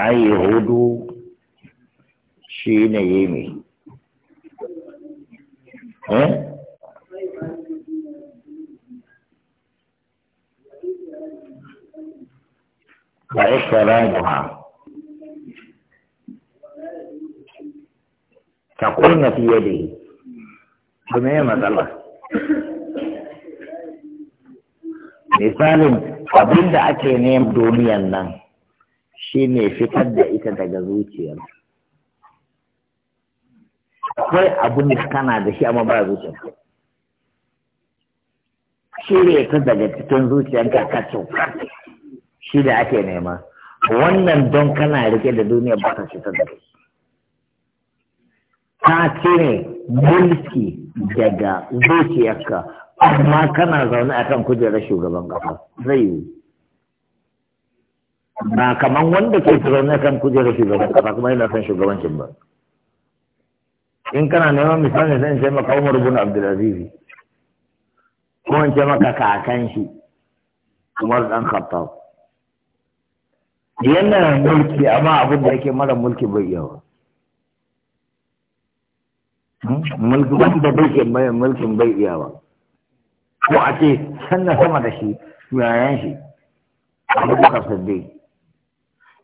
ai hudu shi ne yi ne eh ba ikara juha تقولن في يده بما matsala. misalin abin da ake neman duniyan nan shi ne fitar da ita daga zuciyar akwai abin da kana da shi amma ba zuciyar shi ne ta daga cikin zuciyar ka cauka shi da ake nema wannan don kana rike da duniya ba ta fitar da kai ce cire mulki daga zuciyarka amma kana zaune a kan kujerar shugaban kafa, zai yiwu ba kaman wanda ke zaune kan kujerar shugaban kasa kuma yana son shugabancin ba in kana neman misali zan ce maka Umar bin Abdulaziz ko in ce maka kakan shi Umar dan Khattab yana mulki amma abin da yake mara mulki bai yawa hmm? mulki wanda bai ke mai mulkin bai ba ko a ce sannan sama da shi yayan shi Abu Bakar Siddiq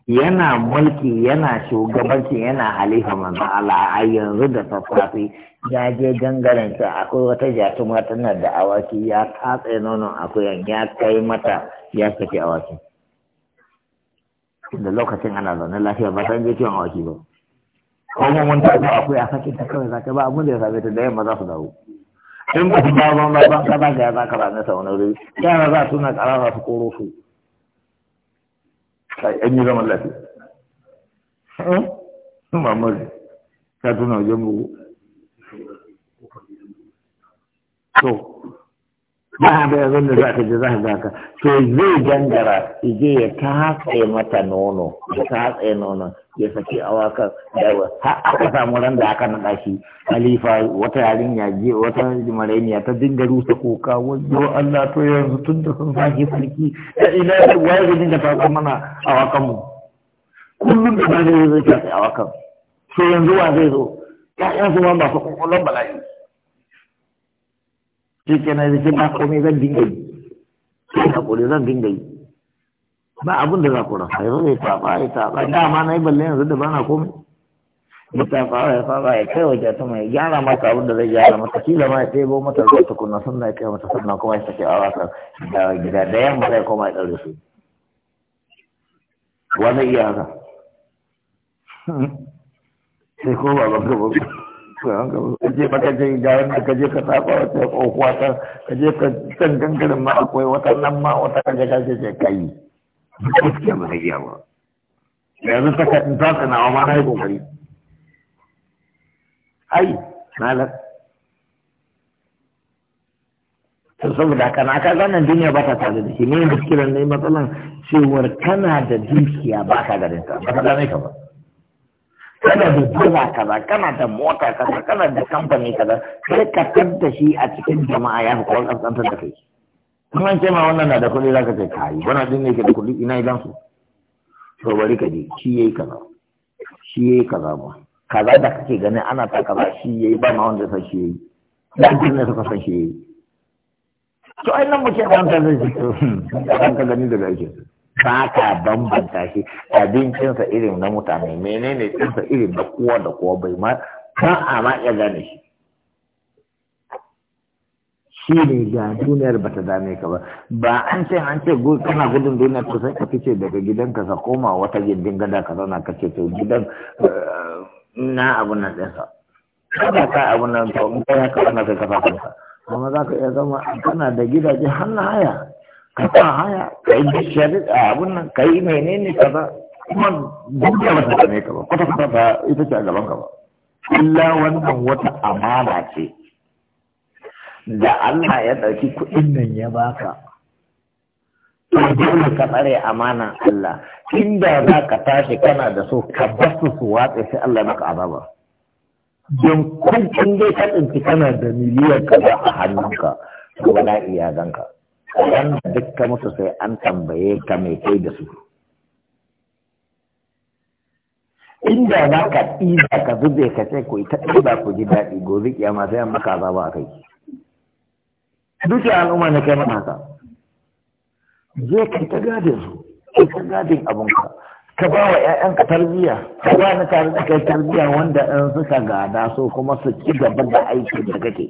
yana mulki yana shugabanci yana halifa manzo Allah a yanzu da sassafe ya je gangaren ta akwai wata jatuma tana da awaki ya tatse nonon akuyan ya kai mata ya saki awaki da lokacin ana zaune lafiya ba san je kiwon awaki ba kuma mun ta akwai akuya saki ta kawai zaka ba abin da ya same ta da yamma za su dawo in ba su dawo ba ba ka ba ga za ka ba na sauna wuri yara za su na karara su koro su kai an yi zaman lafiya mamari ka tuna wajen bugu to ba da yanzu da za ka ji za ka ka to zai gangara ije ya ta hatsaye mata nono ya ta hatsaye nono ya saki awaka da har aka samu ran da aka naɗa shi halifa wata yarinya je wata marainiya ta dinga rusa kuka wajen Allah to yanzu tun da sun sake sarki da ina da waye zai dinga tatsa mana awakan mu kullum da ba zai zai tatsa awakan to yanzu wa zai zo ya'yan su ma masu kwakwalon bala'i shi ke na zai ba komai zan dinga yi sai kore zan dinga yi ba abin da za ku rasa yanzu zai tafa ya tafa dama na yi balle yanzu da bana komai ya tafa ya tafa ya kai wajen ta mai gyara mata abin da zai gyara mata kila ma ya ɗebo mata ruwa sun na ya kai mata sannan kuma ya sake awa ta gida da yamma zai koma ya ɗaure su wani iya haka hmm. sai ko ba ba ba kaje baka je ga wanda kaje ka saba wata kokuwa ta kaje ka san gangarin ma akwai wata nan ma wata kaje ka ce ce kai gaskiya ba ya yawa yanzu ta ka ta wa ma na kokari ai malam to saboda haka na ka zanen duniya ba ta tare da shi ne da kiran ne matsalan cewar kana da dukiya ba ka garin ka ba ka gane ka ba kana da dala kaza kana da mota kaza kana da kamfani kaza sai ka tadda shi a cikin jama'a ya fi kawai da kai kuma an ce ma wannan na da kuɗi zaka ka ce ka yi wannan din ne ke da kuɗi ina idan su to bari ka je shi yayi kaza shi yayi kaza ba kaza da kake ganin ana ta kaza shi yayi ba ma wanda sai shi yayi da din ne suka san shi yayi to ai nan muke ban ta zai to kan ka gani daga aikin ba ka bambanta shi abincinsa irin na mutane menene cinsa irin na kowa da kowa bai ma ba a ma iya gane shi shi ne ga duniyar ba ta dame ka ba ba an ce an ce kana gudun duniyar ta sai ka fice daga gidanka ka koma wata gindin gada ka zauna ka ce to gidan eh, na abun nan ɗinsa kada ka abun nan to in kai haka wannan kai ka fa za ka iya zama kana da gidaje har na haya ka haya ka yi bishiyar a abin nan ka yi ka kaza kuma dubiya ba ta same ka ba kwata kwata ta ita ce a gaban ka ba illa wannan wata amana ce da Allah ya ɗauki kuɗin nan ya baka dole ka tsare amana Allah inda za ka tashi kana da so ka basu su watsa sai Allah maka azaba don kun dai ka tsinci kana da miliyan kaza a hannunka to wala iya ganka ran da dukka musu sai an tambaye ka mai kai da su inda za ka ɗiza ka zube ka ce ku ta ɗiba ku ji daɗi gobe kiyama sai an maka azaba a kai duka al'umma ne kai mana haka je ka ta gadin su ka ta gadin abin ka ba wa 'ya'yanka tarbiyya ka ba ni tare da kai tarbiyya wanda in suka gada so kuma su ci gaba da aikin da kake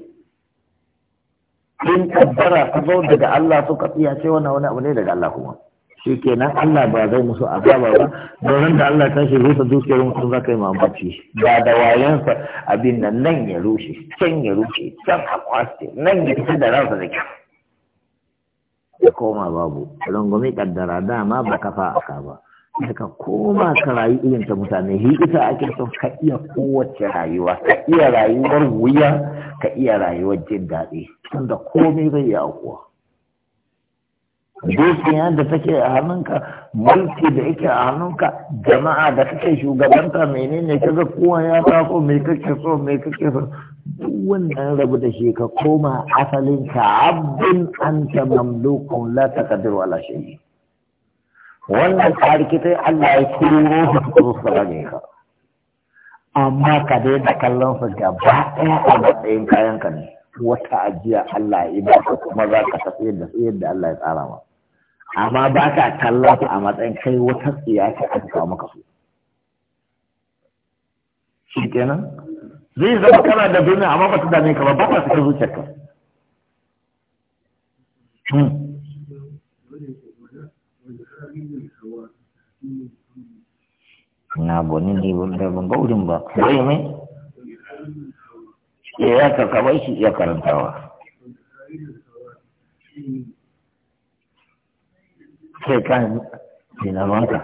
in tabbara ta zo daga Allah suka tsiya ce wannan wani abu ne daga Allah kuma shi kenan Allah ba zai musu azaba ba domin da Allah ta shi rusa dukiyar mutum za ka yi mamaci ba da wayansa abin nan nan ya rushe can ya rushe can a kwaste nan ya fita da ransa da kyau ya koma babu rungumi kaddara dama ba kafa aka ba ka koma ka rayu irin ta mutane shi ita ake son ka iya kowace rayuwa ka iya rayuwar wuya ka iya rayuwar jin daɗi tunda komai zai yi aukuwa dukiya da take a hannunka mulki da yake a hannunka jama'a da kake shugabanta menene kaga kowa ya tako me kake so me kake so duk wannan rabu da shi ka koma asalin ka anta mamlukun la taqdiru ala shay'in wannan tarikitai Allah ya turo su turo su gare ka amma ka dai da kallon su ba ɗaya a matsayin kayan ka ne wata ajiya Allah ya ba ka kuma za ka tafi yadda su yadda Allah ya tsara ma amma ba ka kallon su a matsayin kai wata tsiya ce a kawo maka su shi kenan zai zama kana da duniya amma ba ta dame ka ba ba ta ka. zuciyarka hmm. na goni ne ban gaurin ba yi mai ya ka kaba shi iya karantawa sai kan zinaronka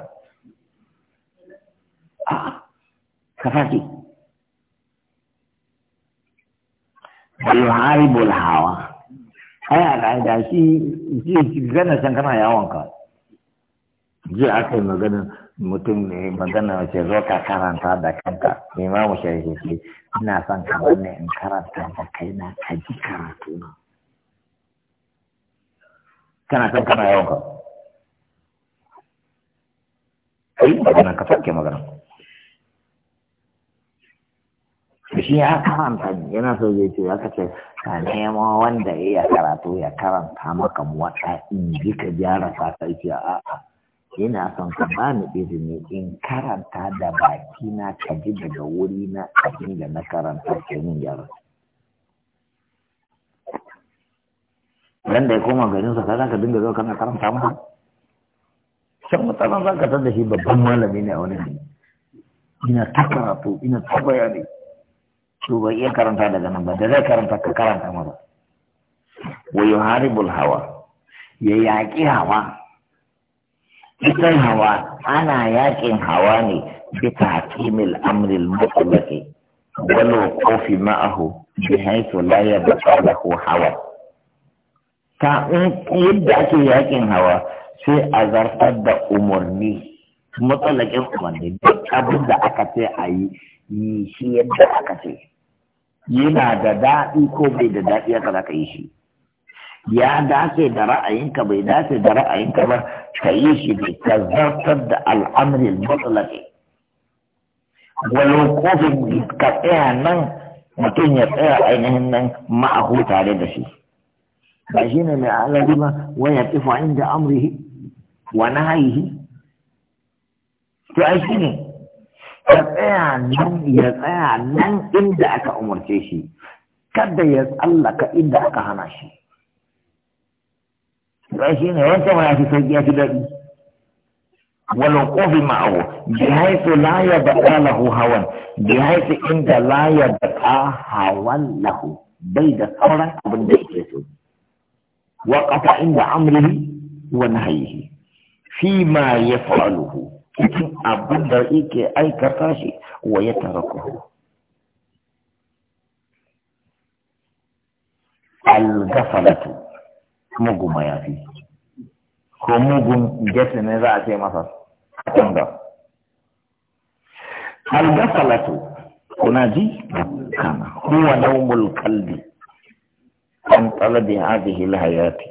a ka fashi yuharibul hawa ai a ƙa'ida shi gana san kana yawonka ji aka yi magana mutum ne magana wace zo ka karanta da kanka ne ma mu shirye shi ina son ka bar in karanta da kaina ka ji karatu na kana son kana yawon ka kai magana ka sake magana shi ya karanta ne yana so zai ce ya kace ka nemo wanda ya karatu ya karanta maka wata in ji ka gyara ka kai a a'a ina son ka bani izini in karanta da baki na ka ji daga wuri na abin da na karanta ke min gyara dan da ya koma garin sa kaza ka dinga zo kana karanta mu Sai mutanen za ka tada shi babban malami ne a wani ne ina ta karatu ina ta bayani to bai iya karanta daga nan ba da zai karanta ka karanta masa wa haribul hawa ya yaƙi hawa bikin hawa ana yakin hawa ne bisa hakimil amril mutlaqi wani kofi ma'ahu bi haythu la yabqa hawa ta yadda ake yakin hawa sai a zartar da umarni matsalakin umarni abin da aka ce a yi yi shi yadda aka ce yana da daɗi ko bai da daɗi aka za ka yi shi ya dace da ra'ayinka bai dace da ra'ayinka ba ka yi shi da ka zartar da al'amarin matsalaki walau kofin ka tsaya nan mutum ya tsaya ainihin nan ma'ahu tare da shi ba shi ne mai alari ba waya tsifa inda amrihi wa nahayihi to ai shi ne ya tsaya nan ya tsaya nan inda aka umarce shi kada ya tsallaka inda aka hana shi ba shi ne wanka ma yafi sauki yafi daɗi walau ko bi ma'awo bi haitu la ya hawan bi haitu inda la ya hawan lahu bai da sauran abin da yake so wa inda amri wa nahayihi fi ma ya fa'aluhu cikin abin da yake aika shi wa ya tarakuhu al-ghafalatu mugun mayafi ko mugun gese ne za a ce masa kanga algasalatu kuna ji kana huwa naumul kalbi an talabi hadhihi alhayati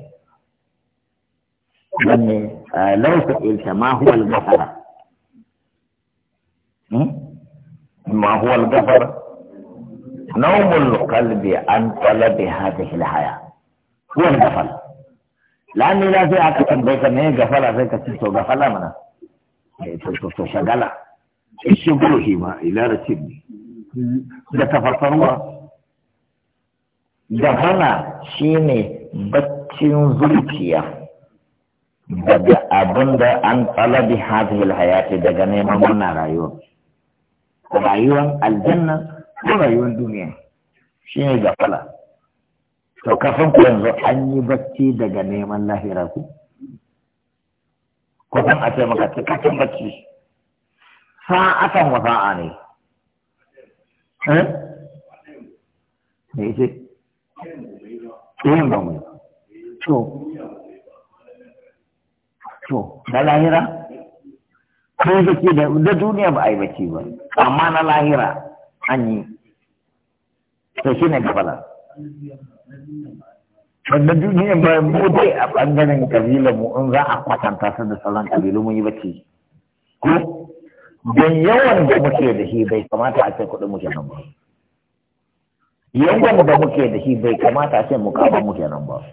dan law sa'ilta ma huwa algasala ما هو القبر نوم القلب عن طلب هذه الحياة هو الغفل lami sai aka tambaye ka me gafala sai ka ce to gafala mana to to to shagala shi ma ila ratibi da tafarfarwa gafala ne baccin zuciya daga abin da an talabi hadhihi alhayati daga neman wannan rayuwa rayuwar aljanna ko rayuwar duniya Shi ne gafala to kafin ku yanzu an yi bacci daga neman lahira ku kusan a ce maka cikakken bacci sa'atan wa sa'a ne eh ne ce yin ba mu to to na lahira kun zaki da da duniya ba a yi bacci ba amma na lahira an yi to shi ne gabala wannan duniyan ba mu dai a ɓangaren ƙabilar mu in za a kwatanta su da salon ƙabilu mun yi bacci ko don yawan da muke da shi bai kamata a ce kuɗin muke nan ba yawan da muke da shi bai kamata a ce mukaban muke nan ba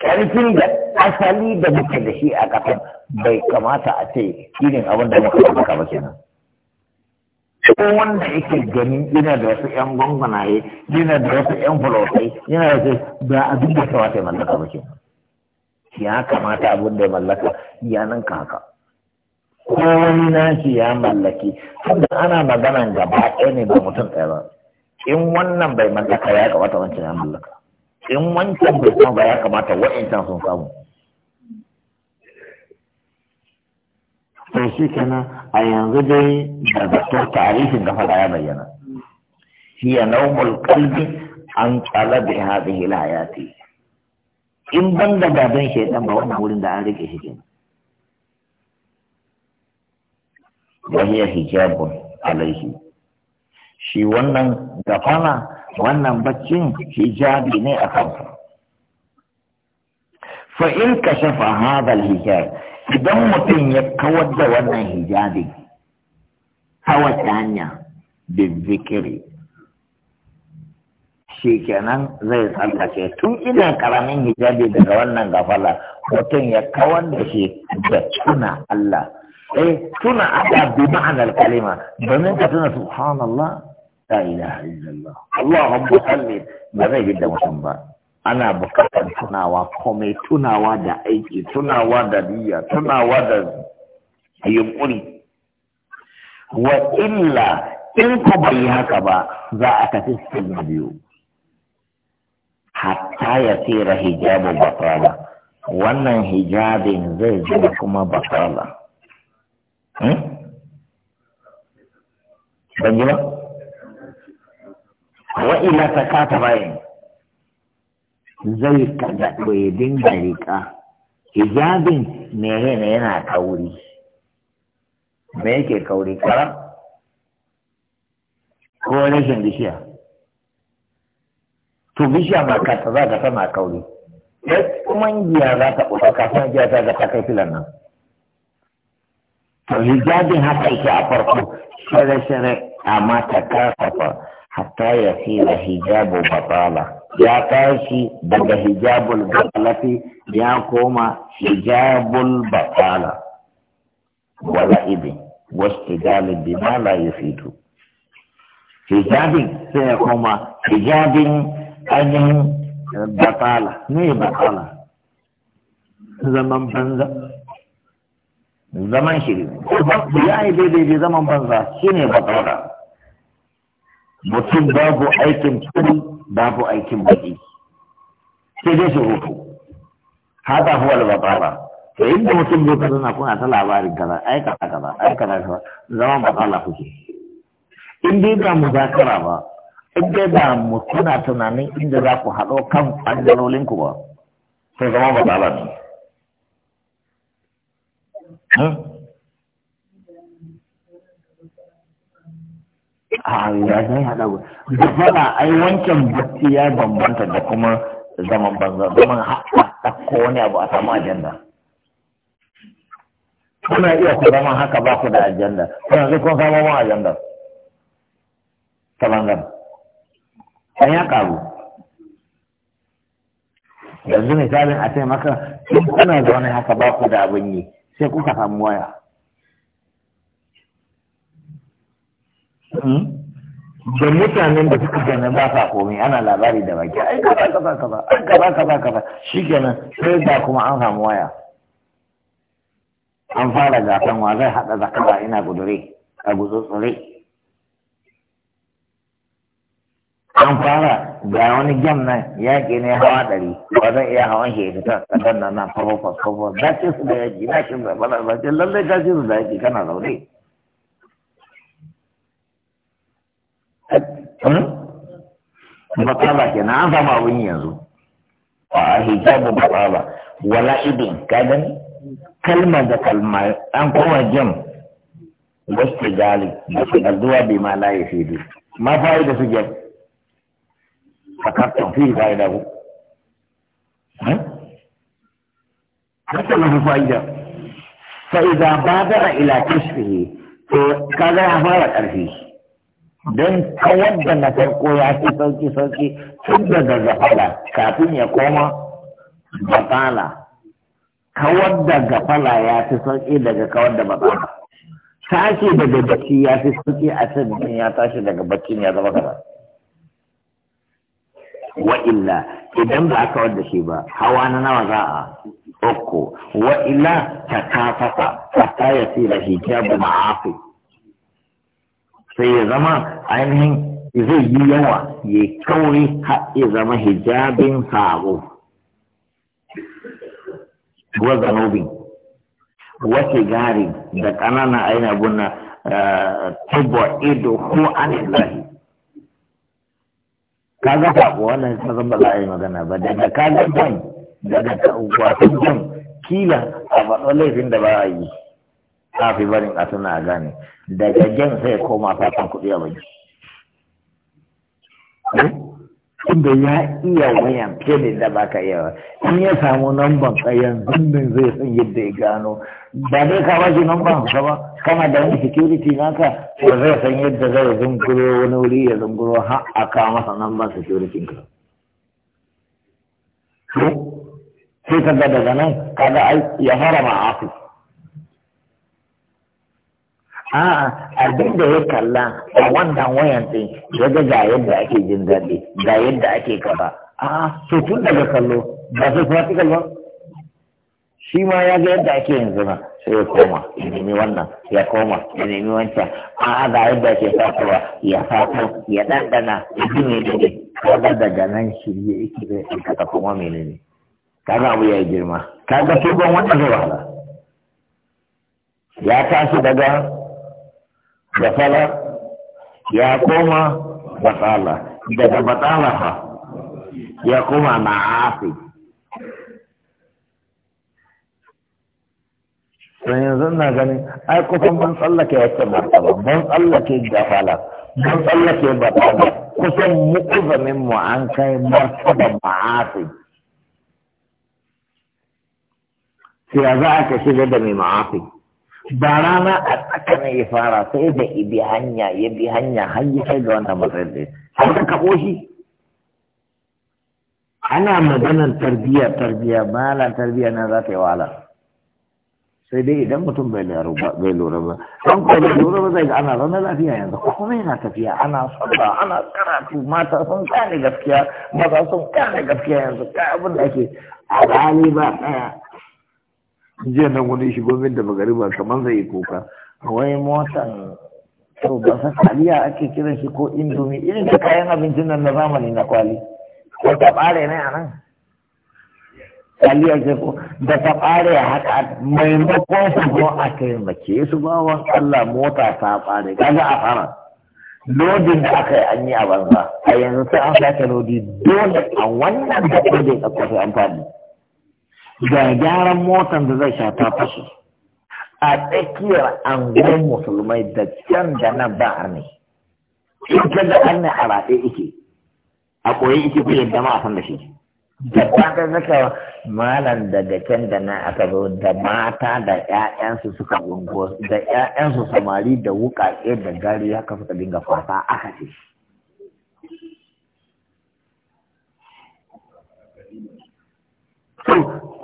ƙarfin da asali da muke da shi a ƙasar bai kamata a ce irin abin da muka ɗauka ba kenan ko wanda yake gani yana da wasu yan gwangwanaye yana da wasu yan fulotai yana da ba abin da ta ya mallaka ba ke. ya kamata abin da ya mallaka ya nan ka haka ko wani nashi ya mallaki tunda ana maganan gaba ɗaya ne ba mutum ɗaya ba in wannan bai mallaka ya kamata wancan ya mallaka in wancan bai samu ba ya kamata wa'incan sun samu to shi kenan a yanzu dai da zato tarihin gafa da ya bayyana ya naumul qalbi an qala bi ya alhayati in ban da gaban shaitan ba wannan wurin da an rike shi kenan Wani ya hijabun alaihi shi wannan gafana wannan baccin hijabi ne a kansa fa in shafa hadha alhijab idan mutum ya kawar da wannan hijabi ta wata hanya da shi kenan zai tsallake tun ina karamin hijabi daga wannan gafala mutum ya kawar da shi da tuna Allah eh tuna Allah bi ma'anar kalima domin ka tuna subhanallah Allah, ilaha illallah Allahumma salli ba zai da mutum ba ana bukatar tunawa kome tunawa da aiki tunawa da niyya tunawa da yunkuri wa illa in ku bai haka ba za a tafi sun biyu hatta ya tsira hijabin basala wannan hijabin zai zama kuma basala ban ji ba wa illa ta kata bayan zai kada ya dinga riƙa hijabin me ne yana kauri me yake kauri karar ko rashin bishiya to bishiya ma kanta za ka tana kauri sai kuma giya za ta ɓuta kafin giya za ta kai filan nan to hijabin haka yake a farko shirye-shirye amma ta kasafa hatta ya fi hijabu batala. ya tashi daga hijabul bakalati ya koma hijabul bakala wala ibi wasu galin bima la fito hijabin sai ya koma hijabin ainihin batala ne batala zaman banza zaman shiri ya yi daidai da zaman banza shi ne batala mutum babu aikin turi babu aikin baɗi sai dai surutu haka huwa al-batala to inda mutum zai ka zana kuna ta labarin kaza aikata kaza aikata kaza zama matsala kuke in dai ba muzakara ba in dai ba mu kuna tunanin inda za ku haɗo kan ɓangarorin ku ba sai zama matsala ne hmm? a ya zai haɗa ba da fara ai wancan bacci ya bambanta da kuma zaman banza zaman haka ko wani abu a samu ajanda kuna iya ku zama haka ba ku da ajanda kuna zai kun samu mun ajanda ta bangar an ya karu yanzu misalin a ce maka kuna zaune haka ba ku da abin yi sai kuka samu waya Hmm? da mutanen da suka ganin ba sa komai ana labari da baki ai kaza kaza kaza ai kaza kaza kaza shikenan sai da kuma an samu waya an fara gasan wa zai hada zakara ina gudure a gutsutsure an fara ga wani gem nan yaƙi ne hawa ɗari ba zan iya hawan shi fita kadan nan na farfafas farfafas da su da yaƙi na shi da ba da lallai ka ce su da yaƙi kana zaune batsala ke na an samu abin yanzu a hijabu batsala wala idin ka gani kalma da kalma an koma jam wasu gali da su zuwa bai ma laye fi du ma fa'i da su jam a karton fi fa'i da ku hasa na fi fa'i da fa'i da ba ila kashfi to kaga ya fara ƙarfi don kawar da na farko ya fi sauki sauki tun daga gafala kafin ya koma batala kawar da gafala ya fi sauki daga kawar da batala tashi daga bacci ya fi sauki a ce mutum ya tashi daga bacci ya zama gaba wa illa idan ba a kawar da shi ba hawa na nawa za a uku wa illa ta kafasa hatta ya fi rahijabu ma'afi sai ya zama ainihin zai yi yawa ya kauri har ya zama hijabin sabo wa zanobi, wace gari da ƙanana aina abun na eh, tabo ido ko ilahi ka ga sabo wannan ta zama za a yi magana ba daga ka ga daga wasan ban kila a faɗo laifin da ba a yi ta fi barin a suna gane daga jan sai koma fatan kuɗi a waje. Eh? Inda ya iya wayan fiye da ba ka iya in ya samu namban ka yanzu zai san yadda ya gano ba dai ka ba shi namban ka ba kana da wani security naka ba zai san yadda zai zunguro wani wuri ya zunguro har a kawo sa namban security ka sai ka ga daga nan ga ya ma asu a'a abin da ya kalla a wannan wayan din ya ga ga yadda ake jin daɗi ga yadda ake kaba. a'a to tun daga kallo ba sai kuma ta kallo shi ma ya ga yadda ake yanzu na sai ya koma ya nemi wannan ya koma ya nemi wancan a'a ga yadda ake fatarwa ya fata, ya ɗanɗana ya ji mai dade kaga daga nan shirye yake zai aikata kuma menene kaga abu ya yi girma kaga tuban wannan zai wahala ya tashi daga دخل يا قوما دخل إذا بطلها يا قوما معافي سيظن أغني أي كفر من صلى كي يتمر من صلى كي دخل من صلى كي بطلها كفر مقفى من معانكا مرتبة معافي في أذاك شجد من معافي ba rana a tsakanin ya fara sai da ibi hanya ya bi hanya har yi kai ga wannan matsayin da har ka shi ana maganar tarbiyya tarbiyya malam tarbiyya na za ta yi wahala sai dai idan mutum bai lura ba don ko bai lura ba zai ga ana zama lafiya yanzu ko kuma yana tafiya ana sallah ana karatu mata sun kane gaskiya maza sun kane gaskiya yanzu kai abin da ake a ba ɗaya jiya nan wani shigo min da ba kamar zai yi kuka wai motan to ba san taliya ake kiran shi ko indomi irin ta kayan abincin nan na zamani na kwali ko ta bare ne a nan taliya ce ko da ta bare haka maimakon su ko a taimake su bawan Allah mota ta bare kaga a fara lodin da aka yi an yi a banza a yanzu sai an sake lodi dole a wannan da kodin a kwafi an fadi ga gyaran motan da zai shafa fashi a tsakiyar anguwan musulmai da can da nan ba a ne in ka da an a raɗe ike a koyi ike ku yadda ma a san da shi da ta zaka malam daga can da nan aka zo da mata da ƴaƴansu suka gungo da ƴaƴansu samari da wuƙaƙe da gari haka suka dinga fasa aka ce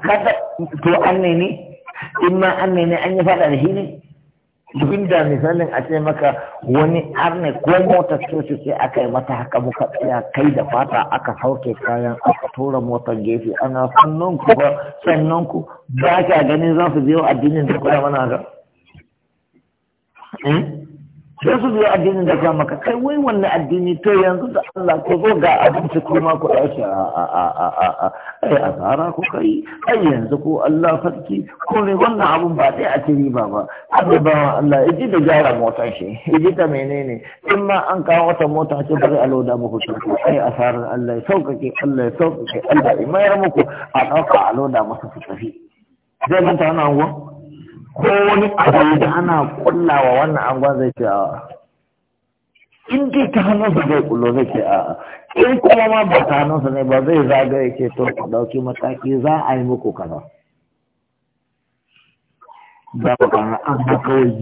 kada to an ne ne in ma an ne ne an yi faɗa da shi ne duk da misalin a ce maka wani arne ko motar ce sai aka yi mata haka muka tsaya kai da fata aka sauke kayan aka tura motar gefe ana sannan ku ba sannan ku ba ka ganin za su biyo addinin da kula mana ga sai su biya addinin da ka kai wai wanne addini to yanzu da Allah ko zo ga abinci kuma ku ɗauki a a a a a ai ku kai ai yanzu ko Allah sarki ko ne wannan abun ba sai a ci riba ba abin ba Allah yaji da gyara mota shi yaji ta menene in ma an kawo wata mota ce bari a loda muku shi ai asarar Allah ya sauƙaƙe Allah ya sauƙaƙe Allah ya mayar muku a ɗauka a loda masa su tafi zai manta wani ko wani abu da ana kullawa wannan angon zai ce a in dai ta hannunsa zai kullo zai ce a in kuma ma ba ta hannunsa ne ba zai zagaye ce to ku dauki mataki za a yi muku kaza za ku an ba kawai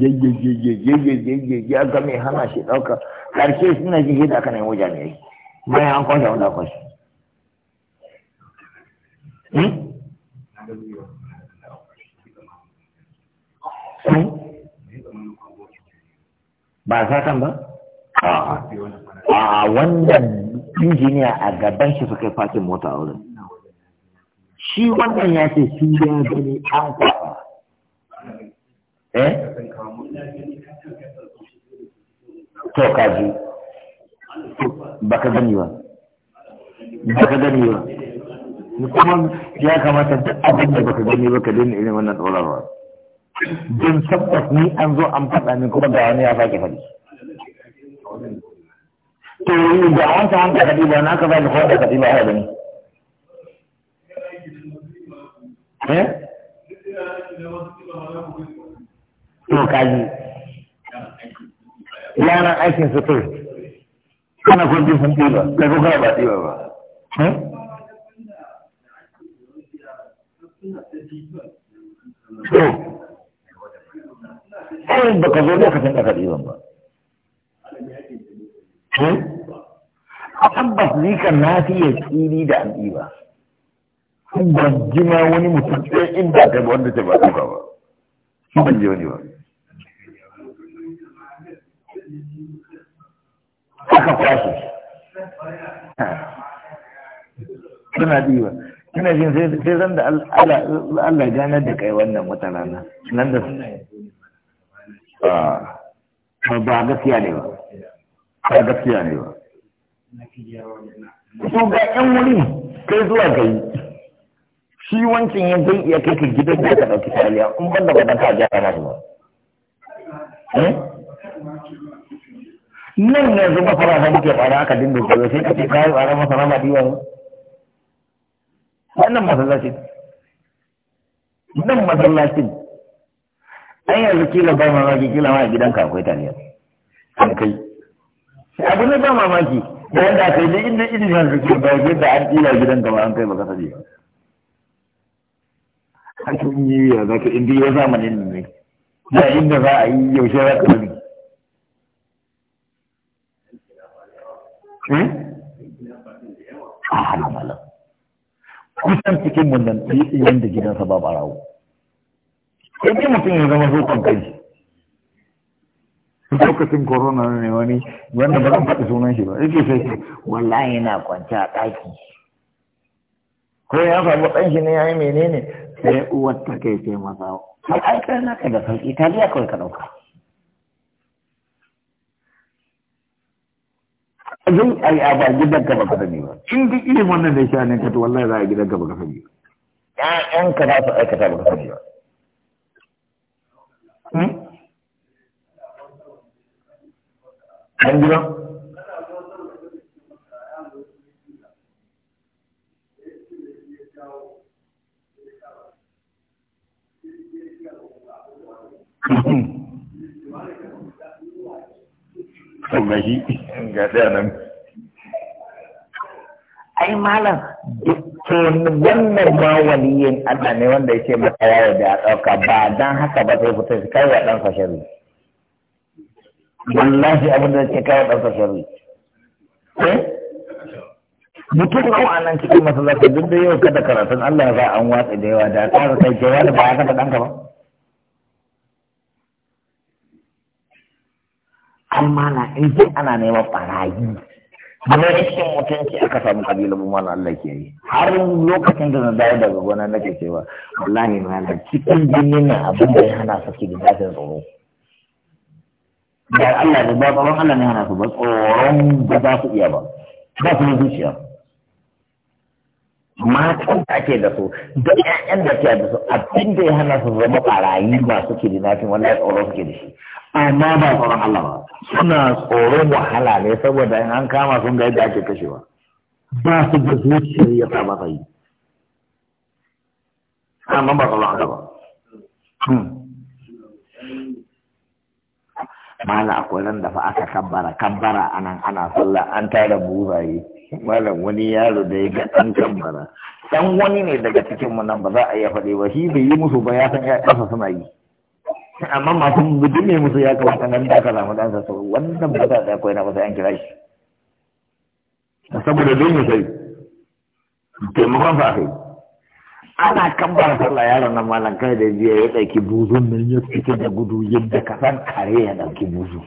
ya hana shi ɗauka suna aka bayan an kwashe wanda kwashe hmm? ba satan ba a wannan injiniya a gaban shi suka fakin mota a wurin shi wannan ya ce shi ya gani an kwafa eh to kaji baka gani ba baka gani ba kuma ya kamata duk abin da baka gani ba ka daina irin wannan tsorarwa don tabbas ni an zo an faɗa min kuma ga wani ya sake faɗi to da an kaɗi ba na ka ba ni kawai kaɗi ba ya gani eh? to kaji aikin su kana sun kai ba ba eh? to ai ba ka zo lokacin da ka ɗiban ba a hmm? tabbas ni kan na fi ya tsiri da an ɗiba ban ji ma wani mutum ɗaya inda ta wanda ta ba ta ba ba ban ji wani ba aka kwashe suna ɗiba ina jin sai zan da Allah ganar da kai wannan wata rana nan da a ah, ba gaskiya ne ba ba gaskiya ne ba su ga yan wuri kai zuwa gai shi wancan ya zai iya kai ka gidan da ka ɗauki taliya in ban da ba ka gyara na ba eh? nan yanzu fara da muke fara aka dinga koyo sai kace kai fara masara ba diwa ne wannan masallacin nan masallacin an yanzu kila ba mamaki kila ma a gidanka akwai taliyar an kai abu ne ba mamaki da yadda aka yi inda irin yanzu Kila ba da an kila gidanka ba an kai baka sani ba hakin yi ya za ka inda ya zamanin ne na inda za a yi yaushe za ka bari hmm? ah, kusan cikin mun nan yadda gidansa ba barawo sai dai mutum ya zama zokon kai lokacin corona ne wani wanda ba zan faɗi sunan shi ba yake sai wallahi na kwance a ɗaki ko ya faru ɗan shi ne ya yi menene sai uwar ta kai sai masa har ai kai naka da sauki italiya kawai ka ɗauka zai ai a ba gidan ka baka sani ba in duk irin wannan da shi ne ka to wallahi za a gidan ka baka sani ba ƴaƴanka za su aikata ka sani ba an ji ba Gashi ga ɗaya nan. Ai malam duk to wannan ma waliyin Allah ne wanda yake maka yawo da ɗauka ba dan haka ba sai fita shi kai wa ɗan fashari sharri wallahi abin da yake kai wa ɗan fashari sharri eh? mutum ko a nan cikin masallaci duk da yau kada karatun Allah za an watsa da yawa da ka kai jawabi ba haka da ɗanka ba amma na in ana neman barayi na cikin mutunci aka samu kabilan mana Allah ke yi har lokacin da na dawo daga gona nake cewa wallahi na cikin jini na abin da ya hana ke da zafin tsoro da Allah ne ba tsoron Allah ne hana su ba tsoron ba za su iya ba ba su zuciya matan da ake da su da ƴaƴan da ke da su abin da ya hana su zama barayi da kidnapping wallahi tsoron suke da shi amma ba tsoron Allah ba suna tsoron wahala ne saboda in an kama sun ga yadda ake kashewa ba su da zuciyar ya sa ba yi amma ba tsoron Allah ba hmm. mana akwai ran da fa aka kabbara kabbara anan ana sallah an tara buzaye malam wani yaro da ya ga an kabbara dan wani ne daga cikin mu nan ba za a iya faɗi ba shi bai yi musu ba ya san ya suna yi amma masu mutum ne musu ya kawo nan da aka samu dan to wannan ba za ta koyi na masa yan kira shi saboda dole ne sai taimakon fa kai ana kabbara sallah yaron nan malam kai da jiya ya ɗauki buzun nan ya fita da gudu yadda ka san kare ya ki buzu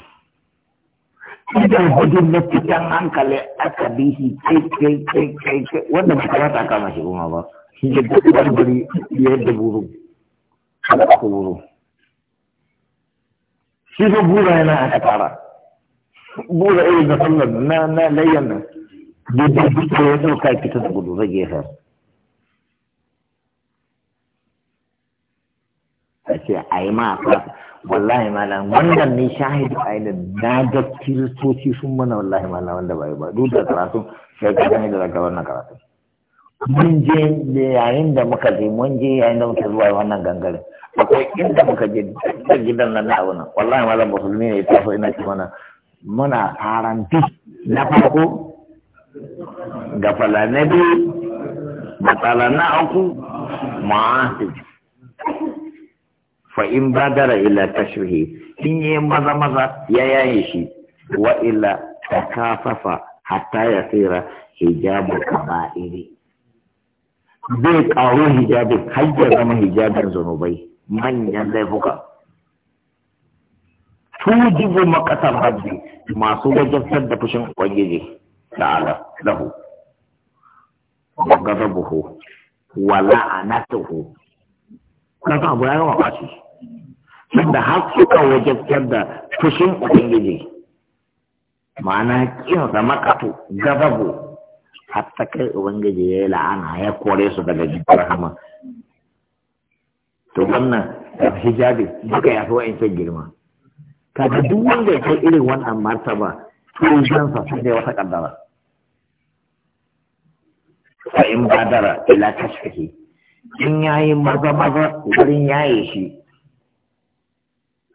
idan gudun na fitan hankali aka bi shi kai kai kai kai kai wanda ba kamata a kama shi kuma ba yadda ya yadda buzu kada ku buzu. shi fa gura yana a katara gura iri da sallar na na layyan nan da daidai duka ya dauka kita da gudu zai gefe a ce a yi ma a wallahi malam wannan ne shahidu a yi da ga kiristoci sun mana wallahi malam wanda bai ba duk da karatu sai ka sani da daga wannan karatu mun je yayin da muka je mun je yayin da muka zuwa wannan gangare akwai inda muka je da gidan nan na abu nan wallahi malam musulmi ne ta ina ci mana muna faranti na farko gafala na biyu na uku ma'asir fa in badara ila tashrihi in yi maza maza ya yaye shi wa ila takafafa hatta ya tsira hijabu kaba'iri zai karo hijabin har ya zama hijabin zunubai manyan laifuka tujibu makasar hajji masu wajen da fushin ubangiji ta'ala lahu wa gadabuhu hu la'anatuhu kaga abu ya yawa bashi tunda har suka wajabtar da fushin ubangiji ma'ana kiyar da makatu buhu hatta kai ubangiji ya yi la'ana ya kore su daga jikin rahama to wannan hijabi duka ya fi can girma kaga duk wanda ya irin wannan martaba to zansa sai dai wata kaddara fa in badara ila kashfihi in yayi maza maza wurin yaye shi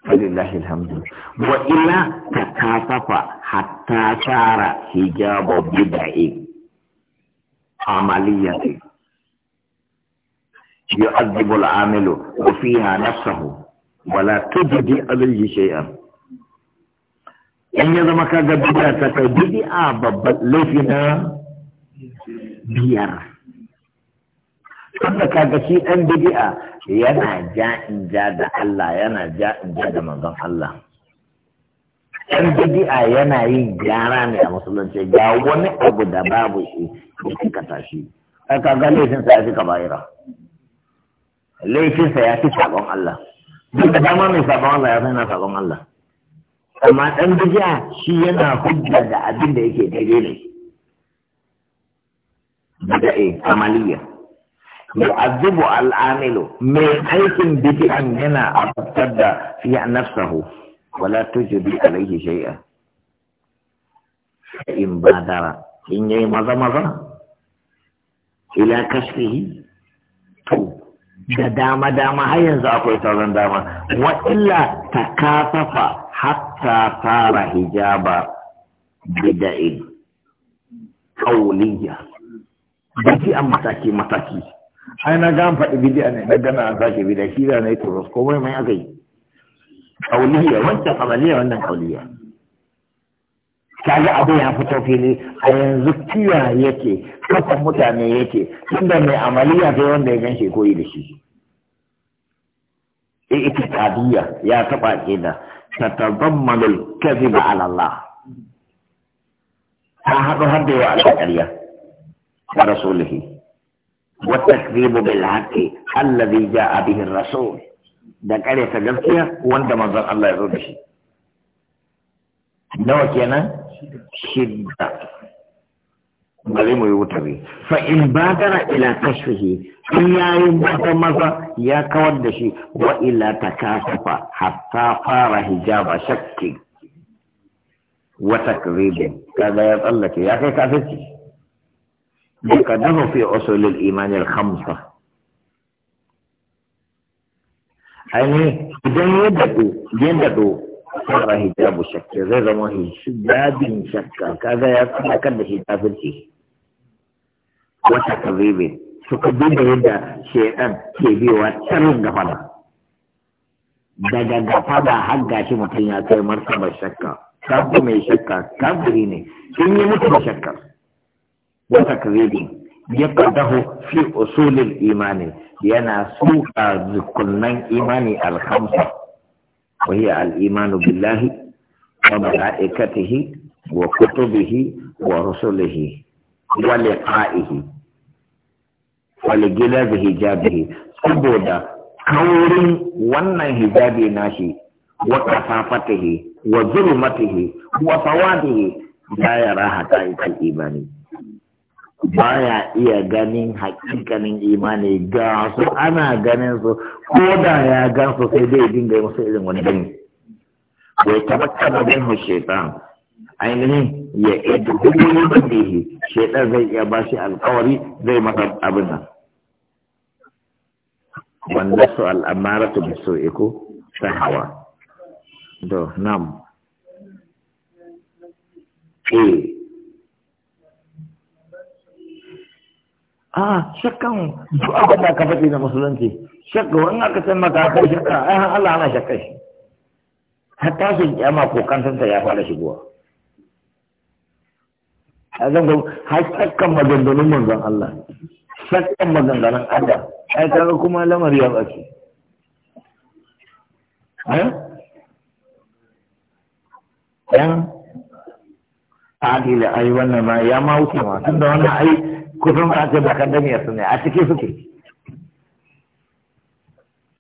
falillahi alhamdu wa ila takasafa hatta shara hijabu bida'i amaliyati يعذب العامل وفيها نفسه ولا a عليه شيئا in ya zama ka ga bid'a ta kai bid'a babban laifi na biyar tunda ka ga shi dan bid'a yana ja in ja da Allah yana ja in ja da manzon Allah dan bid'a yana yin gyara ne a musulunci ga wani abu da babu shi ka tashi ka ga laifin sa ya fi kaba'ira laifinsa ya fi sabon Allah duk da dama mai sabon Allah ya san sabon Allah amma dan bijiya shi yana hujja da abin da yake daidai ne bida'e amaliya yu'azzibu al'amilu mai aikin bid'an yana aftar da fi nafsahu wala tujbi alaihi shay'a in badara in yayi maza maza ila kashfihi da dama dama har yanzu akwai sauran dama wa illa ta kasafa hatta fara hijaba bida'in kauliya a mataki mataki ai na gan faɗi a ne na gana an sake bidi'a shi da na yi Ko komai mai aka yi kauliya wancan kamaliya wannan kauliya kaga abu ya fito fili a yanzu tiya yake kafa mutane yake tunda mai amaliya sai wanda ya ganshi koyi da shi eh, i'tiqadiyya ya taba kida ta al-kadhiba 'ala Allah ta hadu hadda wa al-qariya wa rasulihi wa takdhibu bil haqqi alladhi ja'a bihi ar-rasul da kare ta gaskiya wanda manzon Allah ya zo da shi nawa kenan shidda bari mu yi wuta wutari fa in ba badara ila kashfihi in yayi mata maza ya kawar da shi wa ila takasafa hatta fara hijaba shakki wa takribin kaga ya tsallake ya kai kafirci duka dafa fi usulul iman al khamsa ainihin idan ya daɗo ya daɗo fara hijabu shakka zai zama hijabin shakka kaga ya kan da shi kafirci wata kazibin suka duba yadda shaidan ke biyowa tsarin gafada daga gafada har gashi mutum ya kai martabar shakka kafin mai shakka kafiri ne sun yi mutu da ko wata kazibin ya kadahu fi usulil imani yana suka zukunnan imani alhamsa wahi al imanu billahi wa malaikatihi wa kutubihi wa rusulihi wa liqa'ihi wa gilabi hijabihi saboda kauri wannan hijabi nashi wa kafafatihi wa zulmatihi wa fawadihi ya raha ta'ikal imani baya iya ganin hakikanin imani ga su ana ganin su ko da ya gan su sai dai dinga musu irin wani gani wai tabakkaba bin hu shaitan ainihin ya ita hukumin bandihi shaitan zai iya ba shi alkawari zai masa abin nan wanda su al'amara ta biso iko ta hawa do nam eh a shakkan duk abin da ka faɗi na musulunci shakka wani aka san maka kai shakka ai har Allah ana shakka shi har tashin kyama ko kantanta ya fara shigowa a zan gwamnati har shakkan maganganun manzon Allah shakkan maganganun Allah ai kaga kuma lamari ya ɓace yan adila ai wannan ma ya ma wuce ma da wannan ai kusan ba a ce bakan damiyar su ne a ciki suke